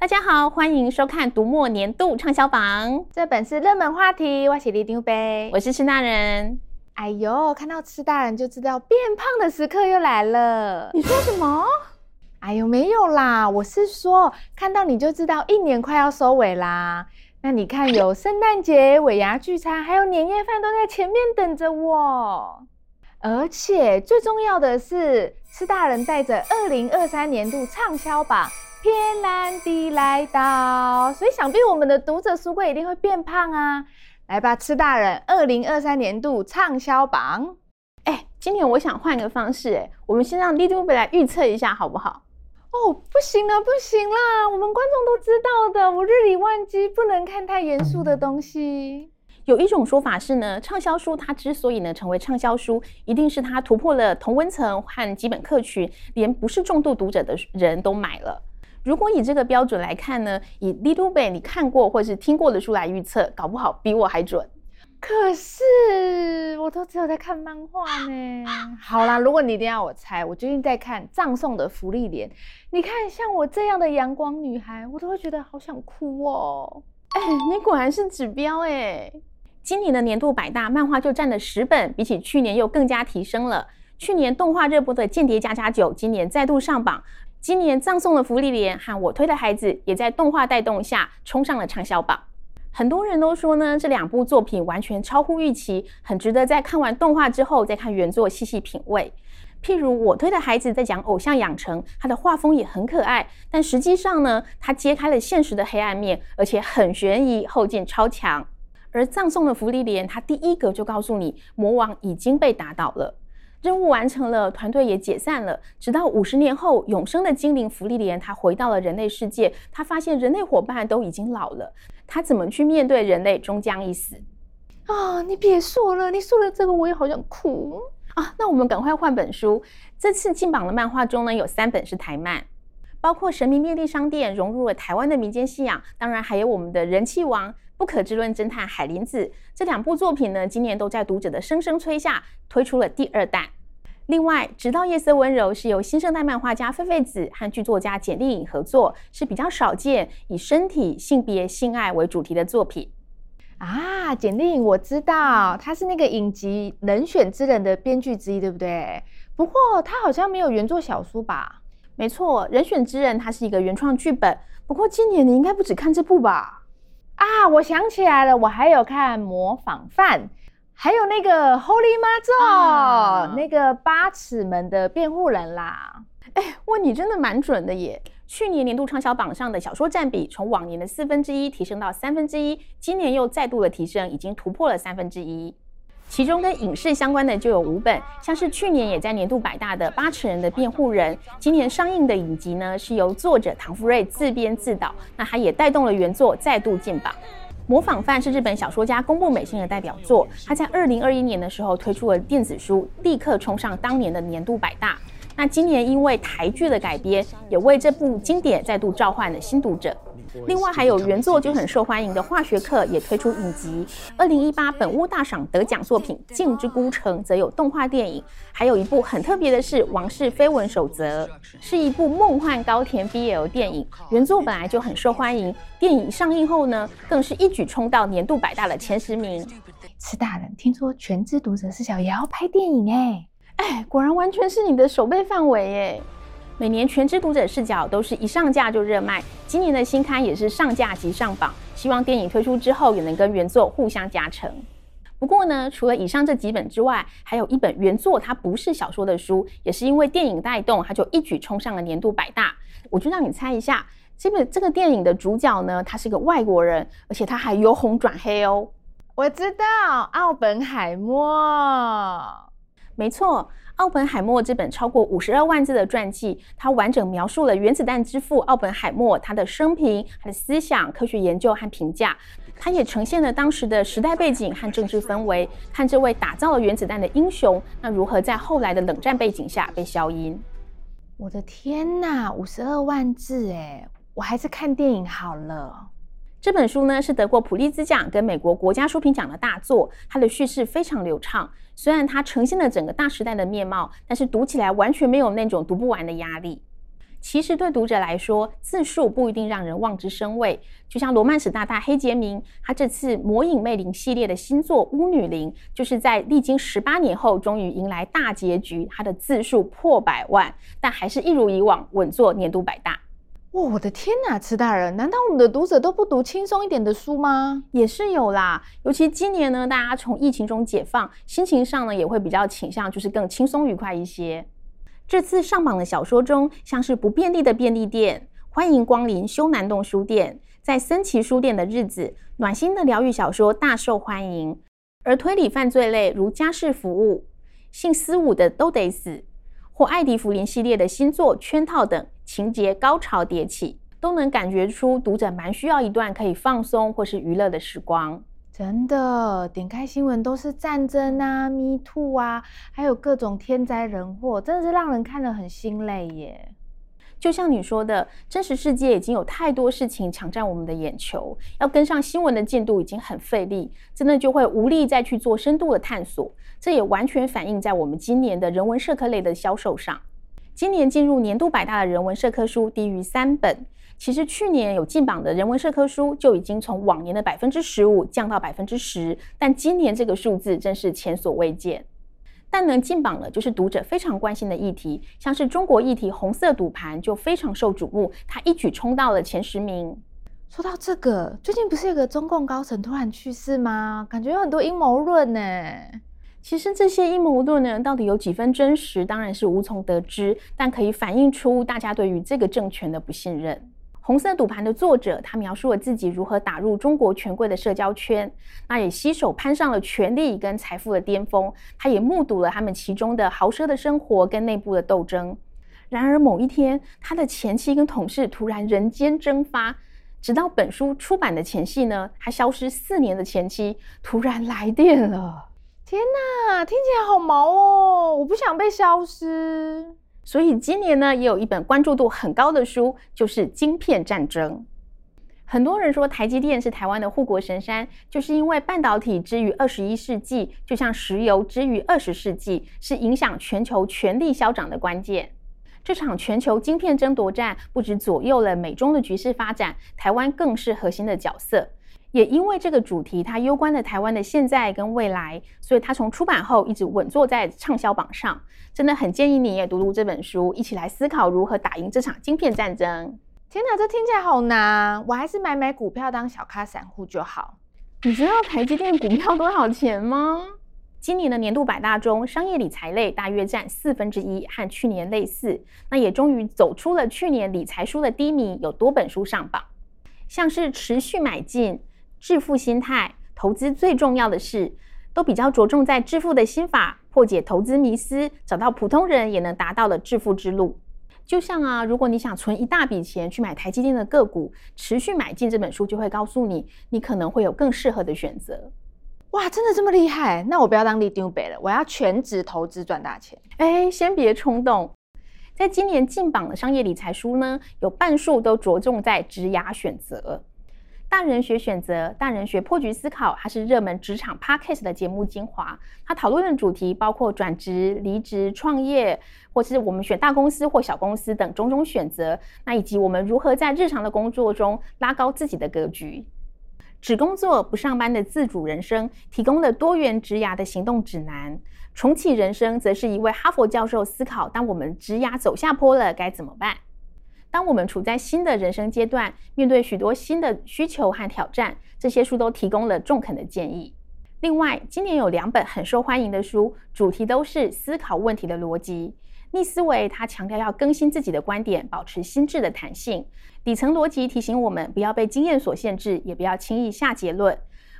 大家好，歡迎收看《讀墨年度暢銷榜》。這本是熱門話題，我是里長伯。我是吃大人。哎呦，看到吃大人就知道變胖的時刻又來了。你說什麼？哎呦，沒有啦，我是說看到你就知道一年快要收尾啦。那你看，有聖誕節，尾牙聚餐，還有年夜飯都在前面等着我。而且最重要的是，吃大人帶着二零二三年度暢銷榜。天南地來到，所以想必我們的讀者書櫃一定會變胖啊！來吧，吃大人，二零二三年度暢銷榜。哎，今天我想換個方式，我們先讓里長伯來預測一下好不好？哦，不行了，不行了，我們觀眾都知道的，我日理萬機，不能看太嚴肅的東西。有一種說法是呢，暢銷書它之所以呢成為暢銷書，一定是它突破了同溫層和基本客群，連不是重度讀者的人都買了。如果以這個標準來看呢，以里長伯你看過或是聽過的書來預測，搞不好比我還準。可是我都只有在看漫畫呢。 好啦，如果你一定要我猜，我最近在看《葬送的芙莉蓮》，你看像我這樣的陽光女孩，我都會覺得好想哭哦。哎，你果然是指標哎、欸。今年的年度百大漫畫就佔了十本，比起去年又更加提升了。去年動畫熱播的《間諜家家酒》，今年再度上榜。今年葬送的芙莉蓮和我推的孩子也在動畫帶動下衝上了暢銷榜。很多人都說呢，這兩部作品完全超乎預期，很值得在看完動畫之後再看原作細細品味。譬如我推的孩子在講偶像養成，他的畫風也很可愛，但實際上呢，他揭開了現實的黑暗面，而且很懸疑，後勁超強。而葬送的芙莉蓮，他第一格就告訴你，魔王已經被打倒了。任務完成了，團隊也解散了。直到五十年後，永生的精靈芙莉蓮，他回到了人類世界。他發現人類夥伴都已經老了，他怎麼去面對人類終將一死？啊！你別說了，你說了這個我也好想哭啊！那我們趕快換本書。這次進榜的漫畫中呢，有三本是台漫。包括神明便利商店融入了台灣的民間信仰，當然還有我們的人氣王不可知論偵探海林子，這兩部作品呢，今年都在讀者的聲聲催下推出了第二彈。另外，直到夜色溫柔是由新生代漫畫家廢廢子和劇作家簡莉穎合作，是比較少見以身體、性別、性愛為主題的作品。啊，簡莉穎我知道，她是那個影集人選之人的編劇之一，對不對？不過她好像沒有原作小說吧？沒錯，《人選之人》它是一個原創劇本。不過今年你應該不只看這部吧？啊，我想起來了，我還有看《模仿犯》，還有那個 Holy Mazo,、哦《Holy、哦、mother 那個八尺門的辯護人啦。哎，問你真的蠻準的耶。去年年度暢銷榜上的小說占比，從往年的四分之一提升到三分之一，今年又再度的提升，已經突破了三分之一。其中跟影視相關的就有五本，像是去年也在年度百大的《八尺門的辯護人》，今年上映的影集呢是由作者唐福睿自編自導，那他也帶動了原作再度進榜。《模仿犯》是日本小說家宮部美幸的代表作，他在二零二一年的時候推出了電子書，立刻衝上當年的年度百大。那今年因為台劇的改編，也為這部經典再度召喚了新讀者。另外還有原作就很受歡迎的《化學課》也推出影集，二零一八本屋大賞得獎作品《鏡之孤城》則有動畫電影，還有一部很特別的是《王室緋聞守則》，是一部夢幻高甜 BL 電影，原作本來就很受歡迎，電影上映後呢，更是一舉衝到年度百大的前十名。吃大人，聽說《全知讀者視角》也要拍電影哎？哎，果然完全是你的守備範圍哎。每年全知讀者視角都是一上架就熱賣，今年的新刊也是上架即上榜，希望電影推出之後也能跟原作互相加成。不過呢，除了以上這幾本之外，還有一本原作它不是小說的書，也是因為電影帶動，它就一舉衝上了年度百大。我就讓你猜一下，這部、個、這個電影的主角呢，他是一個外國人，而且他還由紅轉黑哦。我知道，奧本海默。沒錯。奧本海默這本超過五十二萬字的傳記，它完整描述了原子彈之父奧本海默他的生平、他的思想、科學研究和評價，它也呈現了當時的時代背景和政治氛圍，和這位打造了原子彈的英雄，那如何在後來的冷戰背景下被消音？我的天哪，五十二萬字誒，我還是看電影好了。這本書呢是得過普利茲獎跟美國國家書評獎的大作，它的敘事非常流暢。雖然它呈現了整個大時代的面貌，但是讀起來完全沒有那種讀不完的壓力。其實對讀者來說，字數不一定讓人望之生畏。就像羅曼史大大黑傑明，他這次《魔影魅靈》系列的新作《巫女靈》，就是在歷經十八年後終於迎來大結局，他的字數破百萬，但還是一如以往穩坐年度百大。哇、哦，我的天哪，吃大人，難道我們的讀者都不讀輕鬆一點的書嗎？也是有啦，尤其今年呢，大家從疫情中解放，心情上呢也會比較傾向就是更輕鬆愉快一些。這次上榜的小說中，像是《不便利的便利店》、歡迎光臨、休南洞書店、在森崎書店的日子，暖心的療癒小說大受歡迎，而推理犯罪類如《家事服務》、姓思武的都得死，或艾迪福林系列的新作《圈套》等，情節高潮迭起，都能感覺出讀者蠻需要一段可以放鬆或是娛樂的時光。真的，點開新聞都是戰爭啊、MeToo 啊，還有各種天災人禍，真的是讓人看得很心累耶。就像你說的，真實世界已經有太多事情搶占我們的眼球，要跟上新聞的進度已經很費力，真的就會無力再去做深度的探索。這也完全反映在我們今年的人文社科類的銷售上。今年進入年度百大的人文社科書低於三本，其實去年有進榜的人文社科書就已經從往年的百分之十五降到百分之十，但今年這個數字真是前所未見。但能進榜了，就是讀者非常關心的議題，像是中國議題，紅色賭盤就非常受矚目，它一舉衝到了前十名。說到這個，最近不是有個中共高層突然去世嗎？感覺有很多陰謀論呢、欸。其實這些陰謀論呢，到底有幾分真實，當然是無從得知。但可以反映出大家對於這個政權的不信任。紅色賭盤的作者，他描述了自己如何打入中國權貴的社交圈，那也攜手攀上了權力跟財富的巔峰。他也目睹了他們其中的豪奢的生活跟內部的鬥爭。然而某一天，他的前妻跟同事突然人間蒸發。直到本書出版的前夕呢，他消失四年的前妻突然來電了。天吶，聽起來好毛哦！我不想被消失。所以今年呢，也有一本關注度很高的書，就是《晶片戰爭》。很多人說台積電是台灣的護國神山，就是因為半導體之於二十一世紀，就像石油之於二十世紀，是影響全球權力消長的關鍵。這場全球晶片爭奪戰，不只左右了美中的局勢發展，台灣更是核心的角色。也因為這個主題，它攸關了台灣的現在跟未來，所以它從出版後一直穩坐在暢銷榜上，真的很建議你也讀讀這本書，一起來思考如何打贏這場晶片戰爭。天哪，這聽起來好難，我還是買買股票當小咖散戶就好。你知道台積電股票多少錢嗎？今年的年度百大中，商業理財類大約佔四分之一，和去年類似。那也終於走出了去年理財書的低迷，有多本書上榜，像是持續買進。致富心態，投資最重要的事，都比較着重在致富的心法，破解投資迷思，找到普通人也能達到的致富之路。就像啊，如果你想存一大筆錢去買台積電的個股，持續買進，這本書就會告訴你，你可能會有更適合的選擇。哇，真的這麼厲害？那我不要當里長伯了，我要全職投資賺大錢。哎、欸，先別衝動。在今年進榜的商業理財書呢，有半數都着重在職涯選擇。大人學選擇，大人學破局思考，它是熱門職場 Podcast 的節目精華。它討論的主題包括轉職、離職、創業，或是我們選大公司或小公司等種種選擇，那以及我們如何在日常的工作中拉高自己的格局。只工作不上班的自主人生，提供了多元職涯的行動指南。重啟人生，則是一位哈佛教授思考：當我們職涯走下坡了，該怎麼辦？當我們處在新的人生階段，面對許多新的需求和挑戰，這些書都提供了中肯的建議。另外，今年有兩本很受歡迎的書，主題都是思考問題的邏輯。逆思維，它強調要更新自己的觀點，保持心智的彈性。底層邏輯提醒我們，不要被經驗所限制，也不要輕易下結論。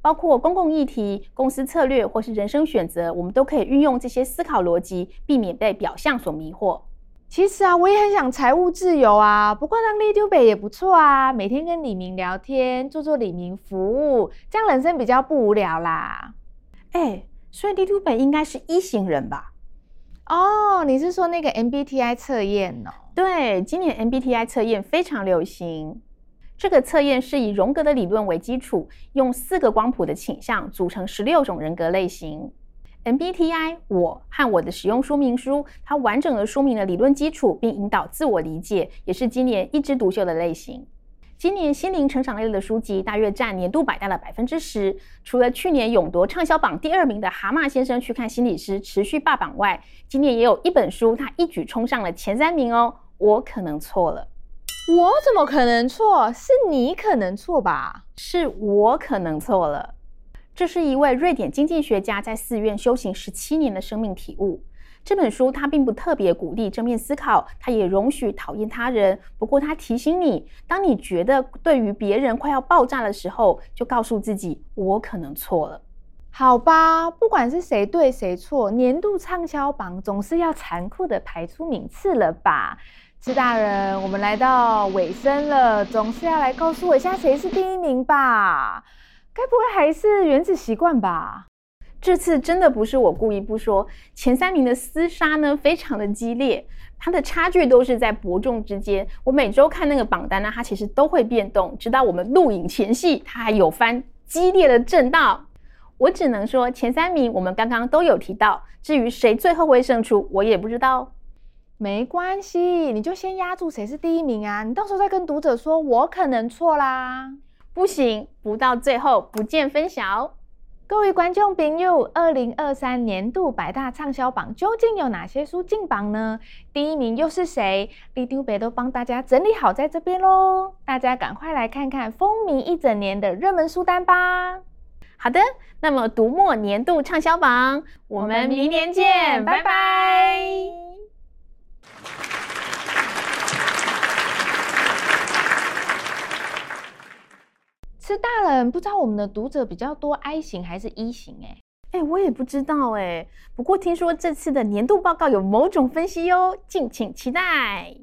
包括公共議題、公司策略或是人生選擇，我們都可以運用這些思考邏輯，避免被表象所迷惑。其實啊，我也很想財務自由啊。不過當里長伯也不錯啊，每天跟里民聊天，做做里民服務，這樣人生比較不無聊啦。哎、欸，所以里長伯應該是一型人吧？哦，你是說那個 MBTI 測驗哦？對，今年 MBTI 測驗非常流行。這個測驗是以榮格的理論為基礎，用四個光譜的傾向組成十六種人格類型。MBTI 我和我的使用說明書，它完整的說明了理論基礎，並引導自我理解，也是今年一枝獨秀的類型。今年心靈成長類、類的書籍大約占年度百大的百分之十。除了去年勇奪暢銷榜第二名的《蛤蟆先生去看心理師》持續霸榜外，今年也有一本書它一舉衝上了前三名哦。我可能錯了，我怎麼可能錯？是你可能錯吧？是我可能錯了。這是一位瑞典經濟學家在寺院修行十七年的生命體悟。這本書他並不特別鼓勵正面思考，他也容許討厭他人。不過他提醒你，當你覺得對於別人快要爆炸的時候，就告訴自己：我可能錯了。好吧，不管是誰對誰錯，年度暢銷榜總是要殘酷地排出名次了吧？吃大人，我們來到尾聲了，總是要來告訴我一下誰是第一名吧。該不會還是原子習慣吧？這次真的不是我故意不說。前三名的廝殺呢，非常的激烈，它的差距都是在伯仲之間。我每周看那個榜單呢，它其實都會變動，直到我們錄影前夕，它還有翻激烈的震盪。我只能說前三名我們剛剛都有提到，至於誰最後會勝出，我也不知道。沒關係，你就先押注誰是第一名啊？你到時候再跟讀者說，我可能錯啦。不行，不到最後不見分曉。各位觀眾朋友，二零二三年度百大暢銷榜究竟有哪些書進榜呢？第一名又是誰？里長伯都幫大家整理好在這邊嘍，大家趕快來看看風靡一整年的熱門書單吧。好的，那麼讀墨年度暢銷榜，我們明年見，拜拜。拜拜吃大人不知道我們的讀者比較多 I 型還是 E 型。哎、欸、哎、欸，我也不知道哎、欸，不過聽說這次的年度報告有某種分析喲、哦，敬請期待。